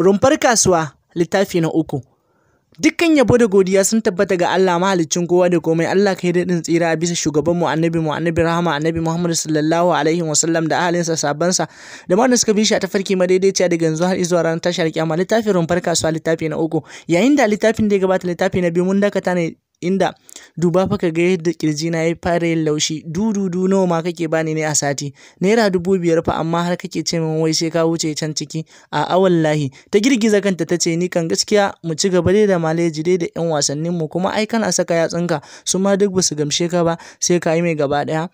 Rumfar kasuwa, littafi na uku. Dukkan yabo da godiya sun tabbata ga Allah mahaliccin kowa da komai Allah kai daɗin tsira a bisa shugabanmu annabi mu annabi rahama annabi Muhammad sallallahu alaihi wa sallam da ahalinsa sabansa da ma suka bi shi a tafarki madaidaiciya daga yanzu har zuwa ranar tashar kyama littafin rumfar kasuwa littafi na uku yayin da littafin da ya gabata littafi na biyu mun dakata ne inda duba fa ka ga yadda na ya fara yin laushi dududu nawa ma kake bani ne a sati naira dubu biyar fa amma har kake ce min wai sai ka wuce can ciki a wallahi ta girgiza kanta ta ce ni kan gaskiya mu ci gaba dai da maleji dai da yan wasannin mu kuma ai kana saka yatsunka su ma duk basu gamshe ka ba sai ka yi mai gaba daya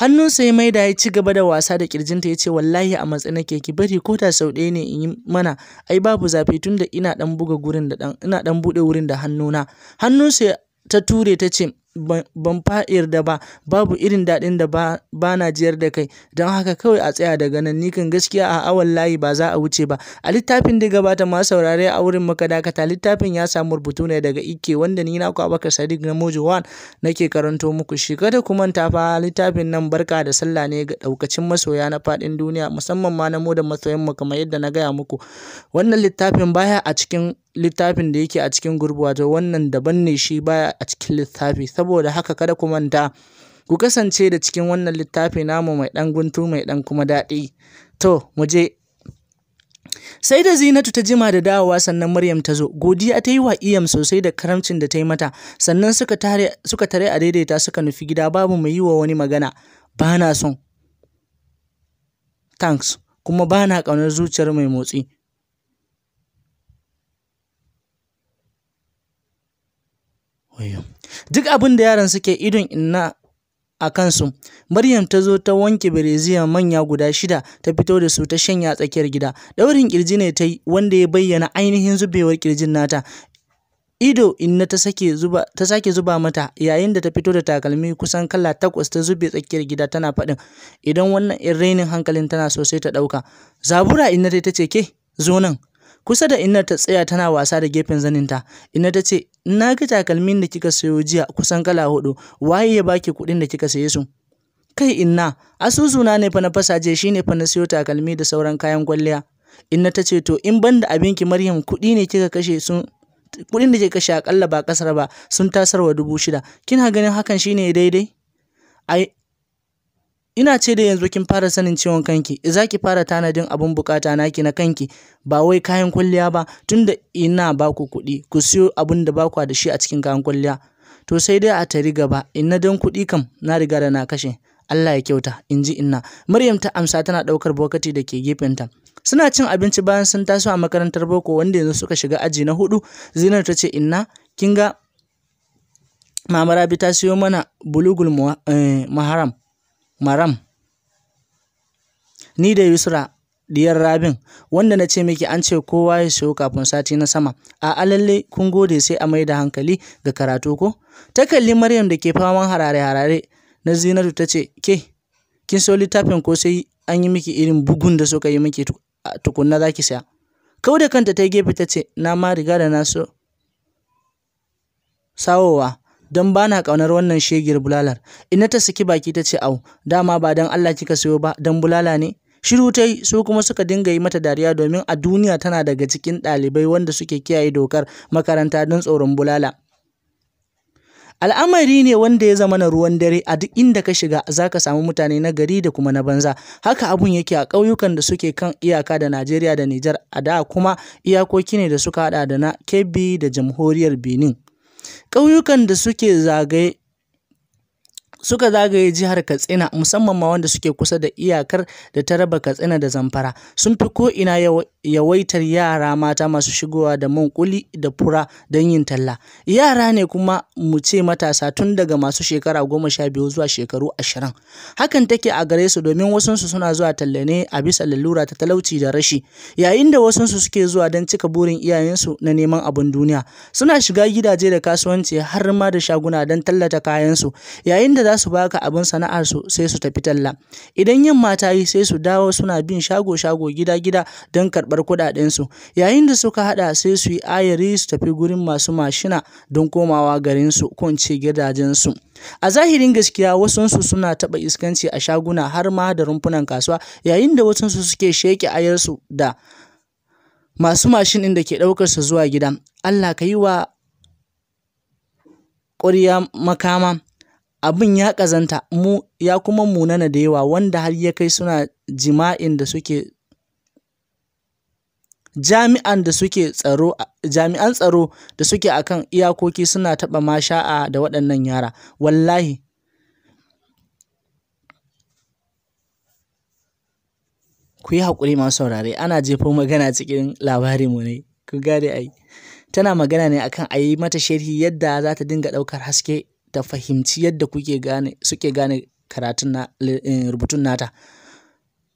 hannunsa ya maida ya ci gaba da wasa da kirjinta ya ce wallahi a matsayin nake ki bari ko ta sau ɗaya ne in yi mana ai babu zafi Tunda ina ɗan buga gurin da dan ina dan bude wurin da hannuna hannunsa ta ture ta ce ban fa yarda ba babu irin daɗin da ba na jiyar da kai don haka kawai a tsaya daga nan ni kan gaskiya a awon layi ba za a wuce ba a littafin da gabata ma saurare a wurin maka dakata littafin ya samu rubutu ne daga ike wanda ni na ku abaka sadiq na mojo wan nake karanto muku shi kada ku manta fa littafin nan barka da sallah ne ga daukacin masoya na fadin duniya musamman ma na mu da masoyan mu kamar yadda na gaya muku wannan littafin baya a cikin littafin da yake a cikin gurbi wato wannan daban ne shi baya a cikin littafi saboda haka kada ku manta ku kasance da cikin wannan littafi namu mai ɗan guntu mai ɗan kuma daɗi to mu je sai da zinatu ta jima da dawowa sannan maryam ta zo godiya ta yi wa iyam sosai da karamcin da ta yi mata sannan suka tare a daidaita suka nufi gida babu mai yi wa wani magana ba na son thanks kuma ba na ƙaunar zuciyar mai motsi Duk abin da yaran suke idon inna a kansu, Maryam ta zo ta wanke bireziya manya guda shida ta fito da su ta shanya tsakiyar gida. Daurin kirji ne ta wanda ya bayyana ainihin zubewar ƙirjin nata. Ido inna ta sake zuba mata yayin da ta fito da takalmi kusan kala takwas ta zube tsakiyar gida tana faɗin idan wannan in rainin hankalin tana sosai ta ɗauka. Zabura inna ta ce ke zo nan kusa da inna ta tsaya tana wasa da gefen zaninta inna ta ce na ga takalmin da kika sayo jiya kusan kala hudu waye ya baki kuɗin da kika saye su kai inna asusuna ne fa na fasaje shine fa na sayo takalmi da sauran kayan kwalliya inna ta ce to in banda da ki maryam kuɗi ne kika kashe sun kudin da kika kashe akalla ba kasar ba sun tasarwa dubu shida kina ganin hakan shine daidai ai ina ce da yanzu kin fara sanin ciwon kanki eh, za ki fara tanadin abin bukata naki na kanki ba wai kayan kwalliya ba tunda ina ba ku kuɗi ku siyo abin da ba da shi a cikin kayan kwalliya to sai dai a tari gaba inna don kuɗi kam na riga da na kashe Allah ya kyauta in ji inna Maryam ta amsa tana ɗaukar bokati da ke gefenta suna cin abinci bayan sun taso a makarantar boko wanda yanzu suka shiga aji na hudu zinar ta ce inna kin ga mama rabi ta siyo mana bulugul maharam. Eh, Maram, ni da Yusra diyar Rabin wanda na ce miki an ce kowa ya siyo kafin sati na sama. A alalle kun gode sai a mai da hankali ga karatu ko? Ta kalli Maryam da ke faman harare-harare na Zinatu ta ce, "Ke, kin so littafin ko sai an yi miki irin bugun da suka yi miki tukunna za ki saya?" Kau da kanta ta gefe ta ce, "Na ma riga da na so." Sawowa, don ba na ƙaunar wannan shegiyar bulalar. ina ta saki baki ta ce au, dama ba don Allah kika sayo ba, don bulala ne? Shiru ta yi su kuma suka dinga yi mata dariya domin a duniya tana daga cikin ɗalibai wanda suke kiyaye dokar makaranta don tsoron bulala. al'amari ne wanda ya zama na ruwan dare a duk inda ka shiga za ka samu mutane na gari da kuma na banza haka abun yake a ƙauyukan da suke kan iyaka da najeriya da nijar a da kuma iyakoki ne da suka hada da na kebbi da jamhuriyar benin Ƙauyukan da suke zagaye suka zagaye jihar Katsina musamman ma wanda suke kusa da iyakar da ta raba Katsina da Zamfara sun fi ko ina yawaitar yara mata masu shigowa da man kuli da fura don yin talla yara ne kuma mu ce matasa tun daga masu shekara goma sha biyu zuwa shekaru ashirin hakan take a gare su domin wasunsu suna zuwa talla ne a bisa lalura ta talauci da rashi yayin da wasunsu suke zuwa don cika burin iyayensu na neman abun duniya suna shiga gidaje da kasuwanci har ma da shaguna don tallata kayansu yayin da za su baka abin sana'arsu sai su tafi talla idan yamma ta yi sai su dawo suna bin shago-shago gida-gida don karɓar su yayin da suka haɗa sai su yi ayari su tafi gurin masu mashina don komawa garinsu ko in ce gidajensu a zahirin gaskiya su suna taɓa iskanci a shaguna har ma da rumfunan kasuwa yayin da su suke sheƙe ayarsu da masu mashin ɗin da ke ɗaukarsa zuwa gida Allah ka yi wa ƙwarya makama abin ya ƙazanta mu ya kuma munana da yawa wanda har ya kai suna jima'in da suke jami'an da suke tsaro jami'an tsaro da suke akan iyakoki suna taɓa masha'a da waɗannan yara wallahi ku yi haƙuri masu saurare ana jefo magana cikin labari mu ne ku gane ai tana magana ne akan a yi mata sharhi yadda za ta dinga ɗaukar haske ta fahimci yadda kuke gane suke gane karatun na eh, rubutun nata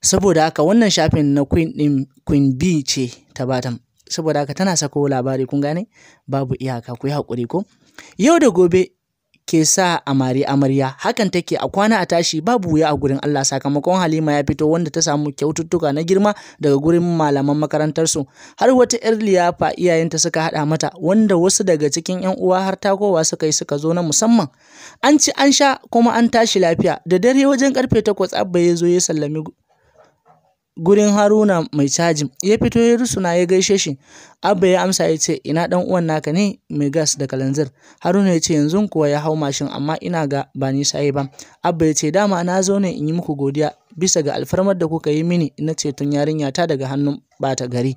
saboda haka wannan shafin na queen din queen b ce ta batam saboda haka tana sako labari kun gane babu iyaka ku yi hakuri ko yau da gobe ke sa a mari amarya hakan take a kwana a tashi babu wuya a gurin Allah sakamakon Halima ya fito wanda ta samu kyaututtuka na girma daga gurin malaman makarantar su har wata yar liyafa iyayenta suka hada mata wanda wasu daga cikin yan uwa har takowa suka yi suka zo na musamman an ci an sha kuma an tashi lafiya da dare wajen karfe 8 abba ya zo ya sallami gurin Haruna mai cajin, ya fito ya rusuna ya gaishe shi. Abba ya amsa ya ce, Ina ɗan uwan naka ne mai gas da kalanzir. Haruna ya ce, Yanzu kuwa ya hau mashin amma ina ga ba ni sai ba. Abba ya ce, Dama na zo ne in yi muku godiya bisa ga alfarmar da kuka yi mini na ceton yarinya ta daga hannun ɓata gari.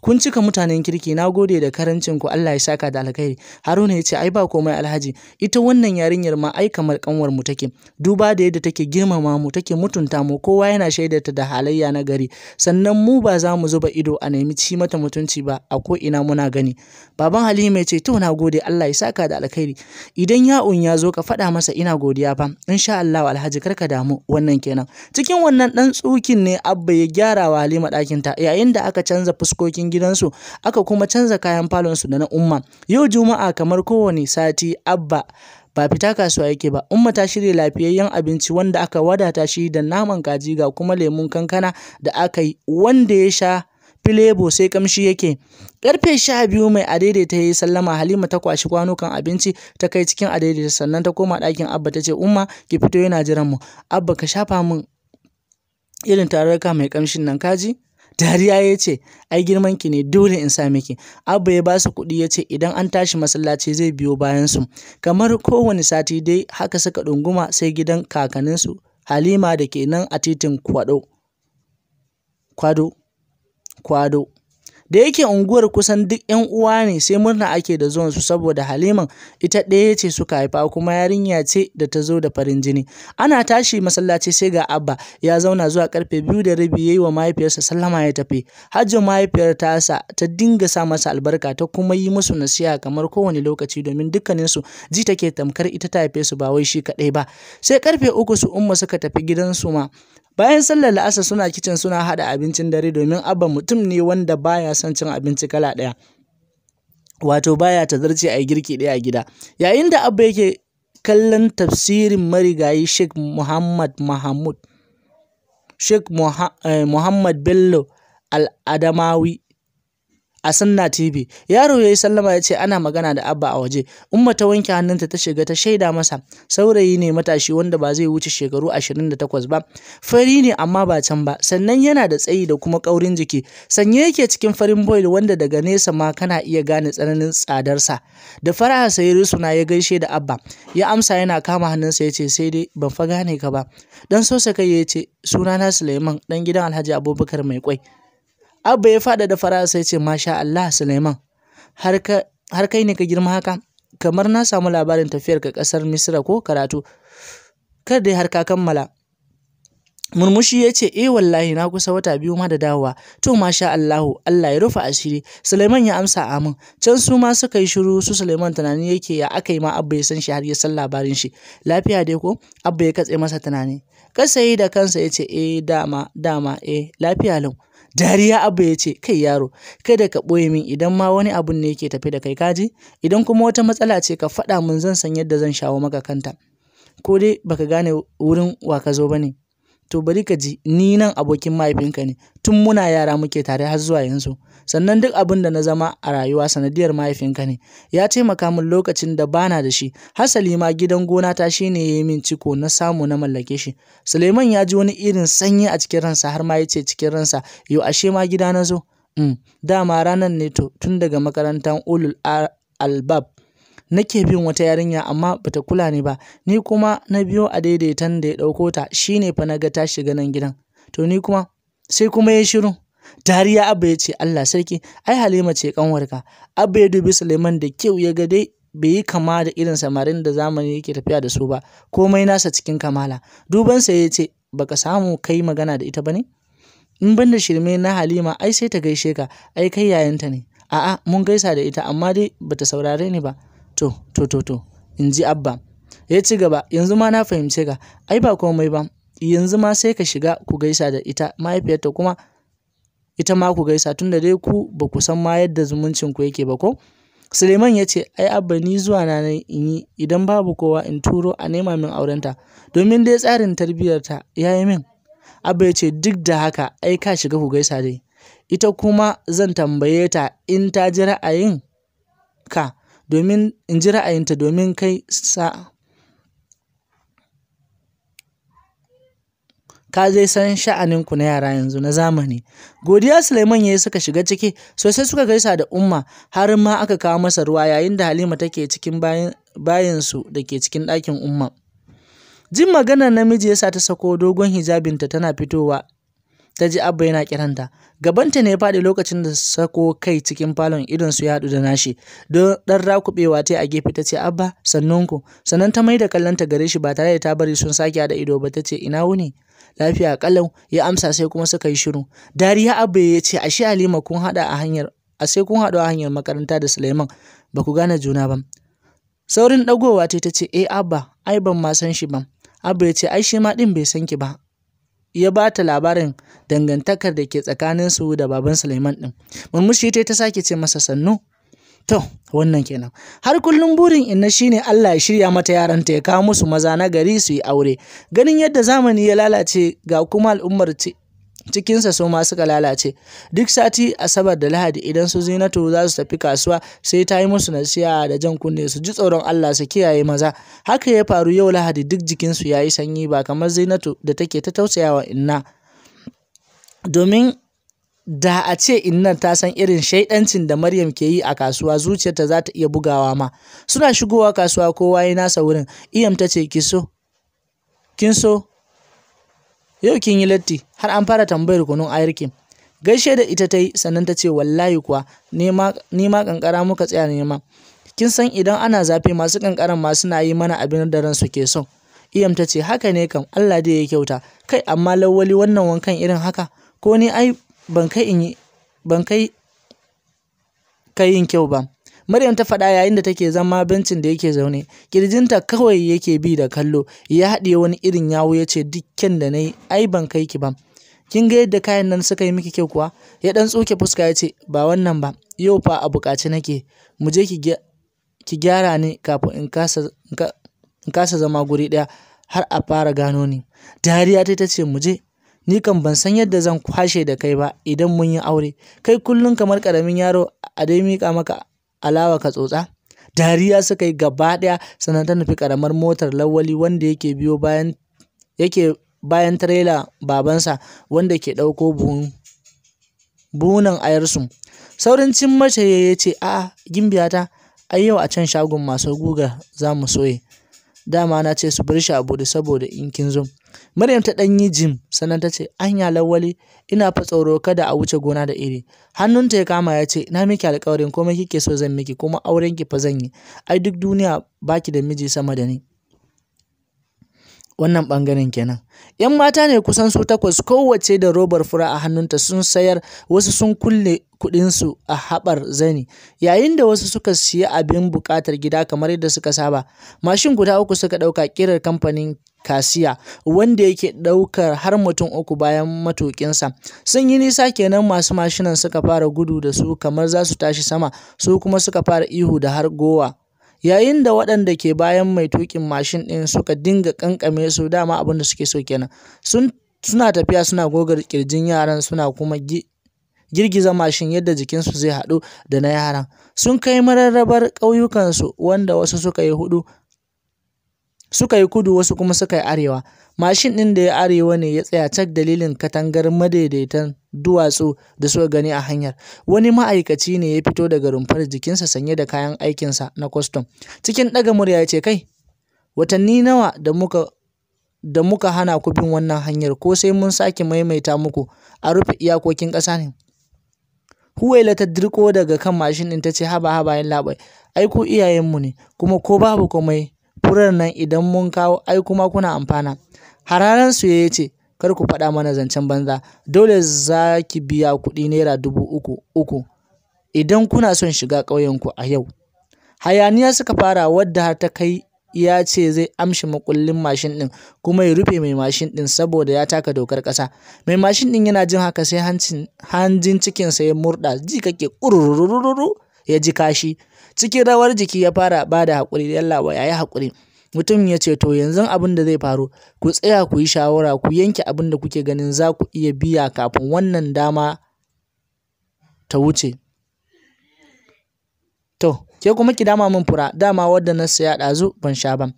kun cika mutanen kirki na gode da karancin ku Allah ya saka da alkhairi Haruna ya ce ai ba komai Alhaji ita wannan yarinyar ma ai kamar kanwar mu take duba da yadda take girmama mu take mutunta mu kowa yana ta da halayya na gari sannan mu ba za mu zuba ido a nemi ci mata mutunci ba a ko ina muna gani baban Halima ya ce to na gode Allah ya saka da alkhairi idan ya'un ya zo ka faɗa masa ina godiya fa insha Allah Alhaji karka damu wannan kenan cikin wannan dan tsukin ne abba ya gyara wa Halima ɗakinta yayin da aka canza fuskokin gidansu aka kuma canza kayan falonsu da na umma yau juma'a kamar kowane sati abba ba fita kasuwa yake ba umma ta shirya lafiyayyen abinci wanda aka wadata shi da naman kaji ga kuma lemun kankana da aka yi wanda ya sha filebo sai kamshi yake karfe sha biyu mai adaidaita ya yi sallama halima ta kwashi kan abinci ta kai cikin adaidaita sannan ta koma ɗakin abba ta ce umma ki fito yana jiran mu abba ka shafa mun irin tarurruka mai kamshin nan kaji dariya ya ce ai girmanki ki ne dole in sa miki abba ya basu kuɗi ya ce idan an tashi masallaci zai biyo bayan su kamar kowane sati dai haka suka ɗunguma sai gidan kakanninsu halima da ke nan a titin kwado kwado kwado Da yake unguwar kusan duk 'yan uwa ne sai murna ake da zuwan su saboda Haliman ita ɗaya ce suka haifa kuma yarinya ce da ta zo da farin jini. Ana tashi masallaci sai ga Abba ya zauna zuwa karfe biyu da rabi ya wa mahaifiyarsa sallama ya tafi. hajjin mahaifiyar tasa ta dinga sa masa albarka ta kuma yi musu nasiha kamar kowane lokaci domin dukkaninsu ji take tamkar ita ta haife su ba wai shi kaɗai ba. Sai karfe uku su umma suka tafi gidansu ma. Bayan sallar la'asar suna kicin suna hada abincin dare domin Abba mutum ne wanda baya son cin abinci kala ɗaya wato baya ta zarce a yi girki ɗaya a gida yayin da abba yake kallon tafsirin marigayi sheikh muhammad mahmud sheikh eh, muhammad bello al'adamawi a Sunna TV. Yaro yayi sallama ya ce ana magana da Abba a waje. Umma ta wanke hannunta ta shiga ta shaida masa. Saurayi ne matashi wanda ba zai wuce shekaru 28 ba. Fari ne amma ba can ba. Sannan yana da tsayi da kuma kaurin jiki. Sanye yake cikin farin boy wanda daga nesa ma kana iya gane tsananin tsadarsa. Da faraha sai na ya gaishe da Abba. Ya amsa yana kama hannunsa ya ce sai dai ban fa gane ka ba. Dan sosa kai ya ce sunana Suleiman dan gidan Alhaji Abubakar mai kwai. Abba ya faɗa da faransa sai ce masha Allah Suleiman. har kai ne ka girma haka kamar na samu labarin tafiyar ka ƙasar Misra ko karatu kar dai har ka kammala murmushi ya ce eh wallahi na kusa wata biyu ma da dawowa to masha Allahu Allah ya rufa asiri Suleiman ya amsa amin can su ma suka yi shiru su Suleiman tunani yake ya aka yi ma abba ya san shi har ya san labarin shi lafiya dai ko abba ya katse masa tunani yi da kansa ya ce eh dama dama eh lafiya lau Dariya abu ya ce, kai yaro, kada ka ɓoye min idan ma wani abun ne yake tafi da kai kaji, idan kuma wata matsala ce ka faɗa min zan san yadda zan shawo maka kanta. Ko dai baka gane wurin wa ka zo ba ne. to bari ka ji ni nan abokin mahaifinka ne tun muna yara muke tare har zuwa yanzu sannan duk abin da na zama a rayuwa sanadiyar mahaifinka ne ya taimaka min lokacin da bana da shi hasali ma gidan gona ta shine ya yi min ciko na samu na mallake shi suleiman ya ji wani irin sanyi a cikin ransa har ma ya ce cikin ransa yau ashe ma gida na zo mm, dama ranar ne to tun daga makarantar ulul albab nake bin wata yarinya amma bata kula ni ba. Ni kuma na biyo a daidaitan da ya ɗauko ta. shine fa na ga ta shiga nan gidan. To ni kuma sai kuma ya shiru. Dariya Abba ya ce Allah sarki ai Halima ce kanwarka Abba ya dubi Suleiman da kyau ya ga dai bai yi kama da irin samarin da zamani yake tafiya da su ba komai nasa cikin kamala dubansa ya ce baka samu kai magana da ita bane in banda shirme na halima ai sai ta gaishe ka ai kai yayanta ne a'a mun gaisa da ita amma dai bata saurare ni ba To, to, to, to, in ji Abba. Ya ci gaba, yanzu ma na fahimce ka, ai ba komai ba, yanzu ma sai ka shiga ku gaisa da ita mahaifiyarta kuma ita ma ku gaisa tunda dai ku ba ku san ma yadda zumuncin ku yake ba ko? Suleiman ya ce, ai Abba ni zuwa na nan in yi idan babu kowa in turo a nema min aurenta, domin dai tsarin tarbiyyarta ya yi min. Abba ya ce, duk da haka ai ka shiga ku gaisa dai. Ita kuma zan tambaye ta in ta ji ra'ayin ka domin in ji ra'ayinta domin kai sa ka zai san sha'aninku na yara yanzu na zamani godiya suleiman yayi suka shiga ciki sosai suka gaisa da umma har ma aka kawo masa ruwa yayin da halima take cikin bayansu da ke cikin ɗakin umma jin maganar namiji ya sa ta sako dogon hijabinta tana fitowa ta ji abba yana kiranta gabanta ne ya faɗi lokacin da sako kai cikin falon idon su ya haɗu da nashi don ɗan rakuɓewa ta a gefe ta ce abba sannan ku sannan ta mai da kallonta gare shi ba tare da ta bari sun sake haɗa ido ba ta ce ina wuni lafiya kalau ya amsa sai kuma suka yi shiru dariya abba ya ce ashe halima kun haɗa a hanyar a sai kun haɗu a hanyar makaranta da suleiman ba ku gane juna ba saurin ɗagowa ta ce eh abba ai ban ma san shi ba abba ya ce ai shi ma ɗin bai san ki ba ya ba ta labarin dangantakar da ke tsakaninsu da baban Suleiman ɗin. Murmushi ta ta sake ce masa sannu. To, wannan kenan. Har kullum burin inna shi ne Allah ya shirya mata yaranta ya kawo musu maza na gari su yi aure. Ganin yadda zamani ya lalace ga kuma al'ummar cikinsa su ma suka lalace duk sati asabar da lahadi idan su zinatu za su tafi kasuwa sai ta yi musu nasiya da jan kunne su ji tsoron allah su kiyaye maza haka ya faru yau lahadi duk jikinsu ya yi sanyi ba kamar zinatu da take ta tausayawa inna domin da a ce inna ta san irin shaidancin da Maryam ke yi a kasuwa zuciyarta za ta iya bugawa ma suna shigowa kasuwa kowa ya nasa wurin iyam ta ce kin so yau kin yi latti har an fara tambayar kunun ayarkin gaishe da ita ta yi sannan ta ce wallahi kuwa ni ma kankara muka tsaya nema kin san idan ana zafi masu kankaran ma suna yi mana abin da ransu ke son iyam ta ce haka ne kam Allah dai ya kyauta kai amma lawwali wannan wankan irin haka ko ni ai ban kai in yi ban kai kayin kyau ba Maryam ta faɗa yayin da take zama bencin da yake zaune. Kirjinta kawai yake bi da kallo, ya haɗiye wani irin yawo ya ce dukkan da na yi, ai ban kai ki ba. Kin ga yadda kayan nan suka yi miki kyau kuwa? Ya ɗan tsoke fuska ya ce, ba wannan ba, yau fa a buƙaci nake, mu je ki gyara ni kafin in kasa zama guri ɗaya har a fara gano ni. Dariya ta ce, mu je, ni kan ban san yadda zan kwashe da kai ba idan mun yi aure kai kullum kamar ƙaramin yaro a dai miƙa maka alawa ka tsotsa dariya suka yi gaba ɗaya sannan ta nufi ƙaramar motar lawali wanda yake biyo bayan yake bayan tirela babansa wanda ke ɗauko buhun buhunan ayarsu saurin cin mace ya ce a'a gimbiyata ai yau a can shagon masu guga za mu soye dama na ce su bar shi a buɗe saboda in kin zo Maryam ta ɗan yi jim sannan ta ce, Anya lawali, ina fa tsoro kada a wuce gona da iri. Hannunta ya kama ya ce, Na miki alƙawarin komai kike so zan miki kuma auren ki fa zan yi. Ai duk duniya baki da miji sama da ni. Wannan ɓangaren kenan. ‘Yan mata ne kusan su takwas kowace da robar fura a hannunta sun sayar wasu sun kulle kuɗinsu a haɓar zani yayin da wasu suka siya abin buƙatar gida kamar yadda suka saba mashin guda uku suka ɗauka ƙirar kamfanin kasiya wanda yake ɗaukar har mutum uku bayan matuƙinsa sun yi nisa kenan masu mashinan suka fara gudu da su kamar za su tashi sama su kuma suka fara ihu da har gowa yayin da waɗanda ke bayan mai tukin mashin ɗin suka dinga kankame su dama abin suke so kenan sun suna tafiya suna gogar ƙirjin yaran suna kuma girgiza mashin yadda jikinsu zai haɗu da na yaran sun kai mararrabar ƙauyukansu wanda wasu suka yi hudu Suka yi kudu wasu kuma suka yi arewa. Mashin ɗin da ya arewa ne ya tsaya cak dalilin katangar madaidaitan duwatsu da suka gani a hanyar. Wani ma'aikaci ne ya fito daga rumfar jikinsa sanye da kayan aikinsa na kwastam. Cikin ɗaga murya ya ce, Kai, watanni nawa da muka da muka hana ku bin wannan hanyar ko sai mun sake maimaita muku a rufe iyakokin ƙasa ne. Huwaila ta dirko daga kan mashin ɗin ta ce haba haba labai ai ku iyayenmu ne kuma ko babu komai furar nan idan mun kawo ai kuma kuna amfana hararan su ya ce kar ku faɗa mana zancen banza dole za ki biya kuɗi naira dubu uku uku idan kuna son shiga ƙauyenku a yau hayaniya suka fara wadda har ta kai ya ce zai amshi makullin mashin ɗin kuma ya rufe mai mashin ɗin saboda ya taka dokar ƙasa mai mashin ɗin yana jin haka sai hanjin cikinsa ya murɗa ji kake ƙururururu ya ji kashi cikin rawar jiki ya fara ba da haƙuri yallaɓa ya yi haƙuri mutum ya ce to yanzu abin da zai faru ku tsaya ku yi shawara ku yanke abin da kuke ganin za ku iya biya kafin wannan dama ta wuce to ke kuma ki dama min fura dama wadda na saya ɗazu ban sha ba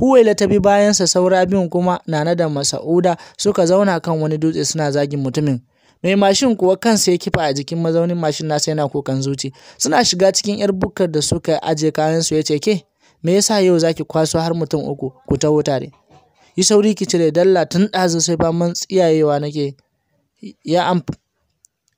Huwaila ta bi bayansa saura biyun kuma Nana da Masa'uda suka zauna kan wani dutse suna zagin mutumin. mai mashin kuwa kansa ya kifa a jikin mazaunin mashin nasa yana kokan zuci suna shiga cikin yar bukkar da suka aje kayan su ya ce ke me yasa yau zaki kwaso har mutum uku ku taho tare yi sauri ki cire dalla tun ɗazu sai faman tsiyayewa nake ya amf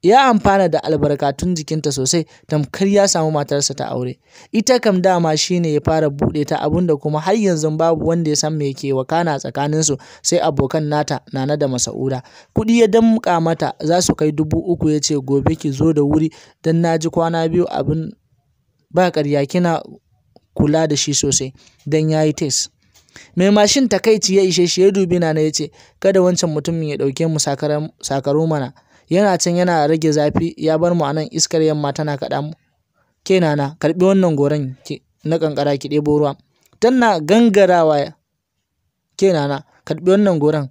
ya amfana da albarkatun jikinta sosai tamkar ya samu matarsa ta aure ita kam dama shi ne ya fara buɗe ta abinda kuma har yanzu babu wanda ya san me ke wakana tsakaninsu sai abokan nata nana da masa'uda kuɗi ya damƙa mata za su kai dubu uku ya ce gobe ki zo da wuri don na ji kwana biyu abin ba ƙarya kina kula da shi sosai don ya yi tes mai mashin takaici ya ishe shi ya dubi nana ya ce kada wancan mutumin ya ɗauke mu sakaro mana yana can yana rage zafi ya bar mu a iskar yamma tana kaɗa mu ke nana karɓi wannan goran na ƙanƙara ki ɗebo ruwa tana gangarawa ke nana karɓi wannan goran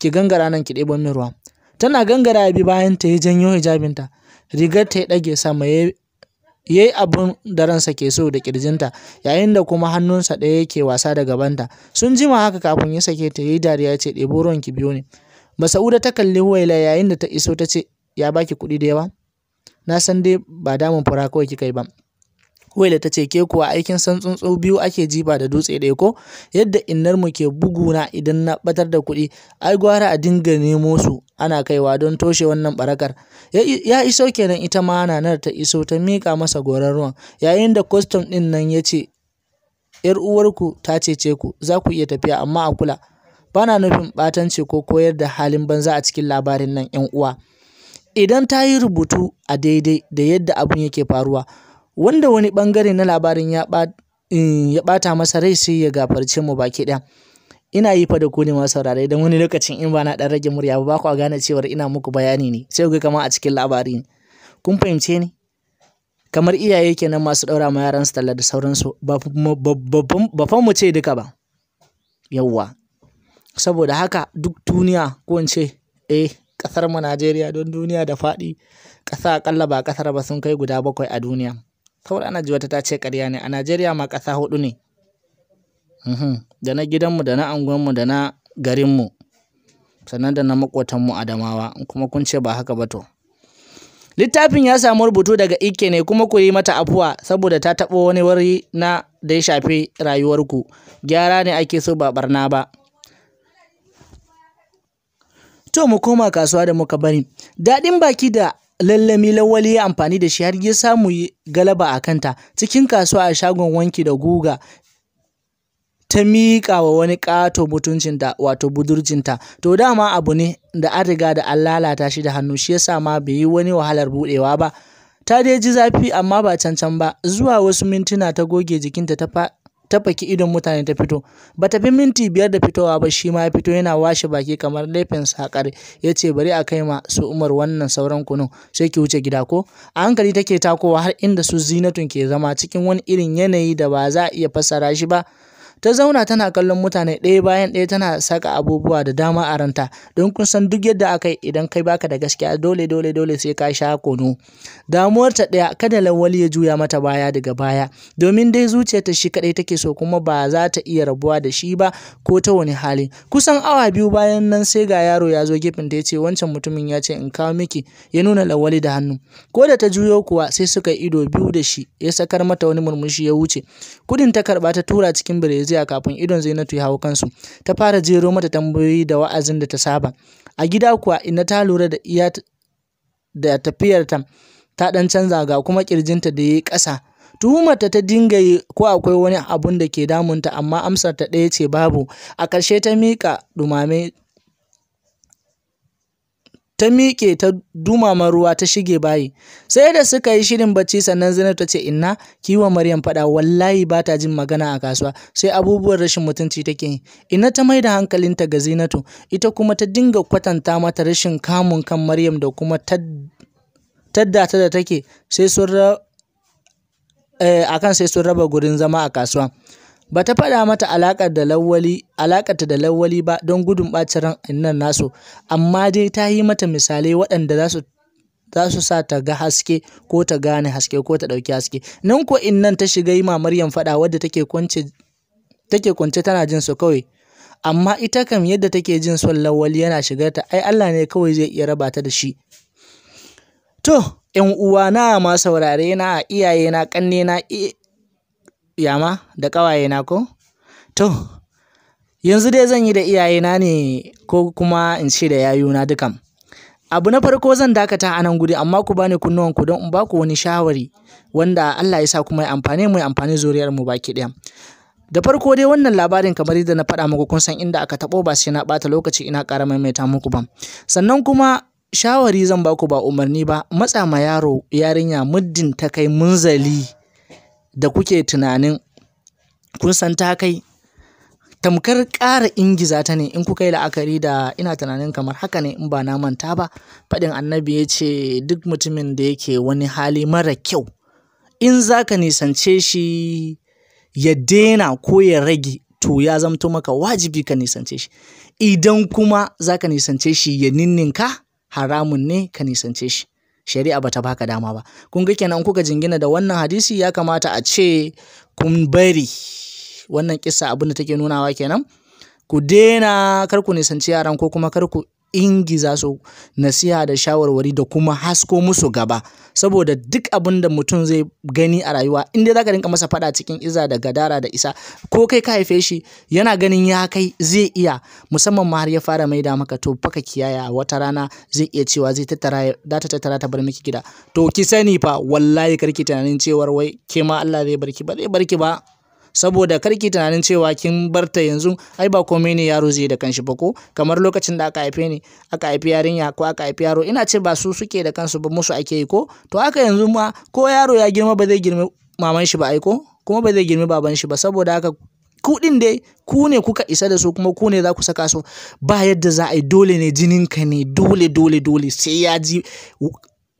ki gangara nan ki ɗebo min ruwa tana gangara bi bayan ta ya janyo hijabinta rigar ta ya ɗage sama ya yi abin da ransa ke so da ƙirjinta yayin da kuma hannunsa ɗaya yake wasa da gabanta sun jima haka kafin ya sake ta yi dariya ce ɗebo ruwan ki biyo ne Masa'uda ta kalli Huwaila yayin da ta iso ta ce, Ya baki kuɗi da yawa? Na san dai ba damun fura kawai kika yi ba. Huwaila ta ce, Ke kuwa aikin san tsuntsu biyu ake jiba da dutse ɗaya ko? Yadda innar mu ke buguna idan na ɓatar da kuɗi, ai gwara a dinga nemo su ana kaiwa don toshe wannan barakar. Ya iso kenan ita ma nanar ta iso ta miƙa masa goran ruwan, yayin da kwastam ɗin nan ya ce, ‘Yar uwarku ta cece ku, za ku iya tafiya amma a kula. Bana na nufin ɓatanci ko koyar da halin banza a cikin labarin nan ‘yan uwa. Idan ta yi rubutu a daidai da yadda abun yake faruwa, wanda wani bangare na labarin ya bata masa rai sai ya gafarce mu baki ɗaya. Ina yi fa da ku ne masu saurare Idan wani lokacin in ba na ɗan rage murya ba ku gane cewar ina muku bayani ne sai ku kama a cikin labari ne. Kun fahimce ni? Kamar iyaye kenan masu ɗaura ma yaransu talla da sauransu ba fa mu ce duka ba. Yawwa. Saboda haka duk duniya ko in ce, eh kasar mu Najeriya don duniya da faɗi ƙasa akalla ba ƙasar ba sun kai guda bakwai a duniya. Saboda ana ji wata ta ce karya ne, a Najeriya ma ƙasa huɗu ne. Mhm. Da na gidanmu, da na mu da na garinmu sannan da na maƙotanmu Adamawa kuma kun ce ba haka ba to. Littafin ya samu rubutu daga Ike ne kuma ku yi mata afuwa saboda ta taɓo wani wari na da ya shafi rayuwarku. Gyara ne ake so ba ɓarna ba. To mu koma kasuwa da muka bari. Daɗin baki da lallami lawali ya amfani da shi har ya samu galaba a kanta cikin kasuwa a shagon wanki da guga ta miƙa wa wani ƙato mutuncinta wato budurcinta to dama abu ne da an riga da an lalata shi da hannu shi yasa ma bai yi wani wahalar buɗewa ba ta dai ji zafi amma ba cancan ba zuwa wasu mintuna ta goge jikinta ta ta baki idon mutane ta fito ba ta fi minti biyar da fitowa ba shi ma ya fito yana washe baki kamar laifin sakar ya ce bari a kai ma su umar wannan sauran kunun sai ki wuce gida ko a hankali take takowa har inda su zinatun ke zama cikin wani irin yanayi da ba za a iya fassara shi ba ta zauna tana kallon mutane ɗaya bayan ɗaya tana saka abubuwa da dama a ranta don kun san duk yadda aka yi idan kai baka da gaskiya dole dole dole sai ka sha kono damuwarta ɗaya kada lawali ya juya mata baya daga baya domin dai zuciyarta shi kadai take so kuma ba za ta iya rabuwa da shi ba ko ta wani hali kusan awa biyu bayan nan sai ga yaro ya zo gefen ta ya ce wancan mutumin ya ce in kawo miki ya nuna lawali da hannu ko da ta juyo kuwa sai suka ido biyu da shi ya sakar mata wani murmushi ya wuce kudin ta karba ta tura cikin bire Jiya kafin idon Zainatu ya hau kansu. Ta fara jero mata tambayoyi da wa'azin da ta saba. A gida kuwa ina ta lura da iya da tafiyarta ta ɗan canza ga kuma kirjinta da yayi ƙasa. tuhumarta ta dinga yi ko akwai wani abun da ke damunta amma amsar ta ɗaya ce babu a ƙarshe ta miƙa dumame ta miƙe ta dumama ruwa ta shige bayi sai da suka yi shirin bacci sannan Zainab ta ce inna kiwa Maryam fada wallahi ba ta jin magana a kasuwa sai abubuwan rashin mutunci take yi inna ta maida hankalinta ga Zinatu ita kuma ta dinga kwatanta mata rashin kamun kan Maryam da kuma tadda ta da take sai sun akan eh, sai sun raba gurin zama a kasuwa Ba ta faɗa mata alaƙarta da Lawwali ba don gudun ɓacin ran innan nasu, amma dai ta yi mata misalai waɗanda za su sa ta ga haske ko ta gane haske ko ta ɗauki haske. Nan ko innan ta shiga yi Maryam faɗa wadda take kwance tana jin su kawai. Amma ita kam yadda take jin son Lawwali yana ta ai Allah ne kawai zai iya raba ta da shi. To, ‘yan uwana ma saurare na, iyaye na, ƙanne na, yama da ƙawayena ko to yanzu dai zan yi da iyayena ne ko kuma in ce da yayuna dukan abu na farko zan dakata a nan guri amma ku bani kunnuwanku don in ba ku wani shawari wanda Allah ya sa kuma ya amfane mu ya amfani zuriyar mu baki ɗaya da farko dai wannan labarin kamar yadda na faɗa muku kun san inda aka taɓo ba sai na bata lokaci ina ƙara maimaita muku ba sannan kuma shawari zan ba ku ba umarni ba matsa ma yaro yarinya muddin ta kai munzali da kuke tunanin kun san ta kai tamkar ƙara ingiza ta ne in kuka yi la'akari da ina tunanin kamar haka ne in ba na manta ba faɗin annabi ya ce duk mutumin da yake wani hali mara kyau in za ka nisance shi ya daina ko ya rage to ya zamto maka wajibi ka nisance shi idan kuma za ka nisance shi ya ninninka haramun ne ka nisance shi shari'a bata baka dama ba kun ga kenan kuka jingina da wannan hadisi ya kamata a ce kun bari wannan kisa abin da take nunawa kenan ku daina kar ku nisanci yaran ko kuma kar ku ingiza su nasiha da shawarwari da kuma hasko musu gaba saboda duk abin da mutum zai gani a rayuwa in dai zaka rinka masa fada cikin iza da gadara da isa ko kai ka haife shi yana ganin ya kai zai iya musamman ma har ya fara maida maka to faka kiyaya wata rana zai iya cewa zai tattara da ta tattara ta bar miki gida to ki sani fa wallahi karki tunanin cewar wai ke ma Allah zai barki ba zai barki ba saboda karki tunanin cewa kin barta yanzu ai ba komai ne yaro zai da kanshi ba ko kamar lokacin da aka haife ni aka haifi yarinya ko aka haifi yaro ina ce ba su suke da kansu ba musu ake yi ko to haka yanzu ma ko yaro ya girma ba zai girma maman shi ba ai ko kuma ba zai girma baban shi ba saboda haka ku din dai ku ne kuka isa da su kuma ku ne za ku saka su ba yadda za a yi dole ne ka ne dole dole dole sai ya ji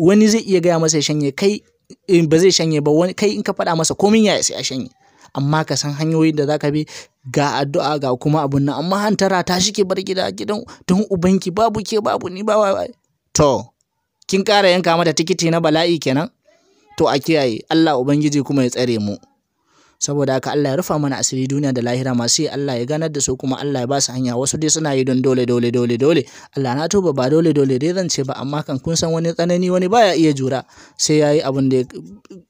wani zai iya gaya masa ya shanye kai eh, ba zai shanye ba wani kai in ka faɗa masa komin ya sai a shanye amma ka san hanyoyin da za ka bi ga addu'a ga kuma abun nan amma hantara ta shike bar gida gidan don ubanki babu ke babu ni ba to kin ƙara yanka mata tikiti na bala'i kenan to a kiyaye Allah ubangiji kuma ya tsare mu saboda haka Allah ya rufa mana asiri duniya da lahira ma sai Allah ya ganar da su kuma Allah ya ba su hanya wasu dai suna yi don dole dole dole dole Allah na tuba ba dole dole dai zan ce ba amma kan kun san wani tsanani wani baya iya jura sai yayi abin da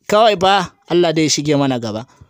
kawai ba Allah dai shige mana gaba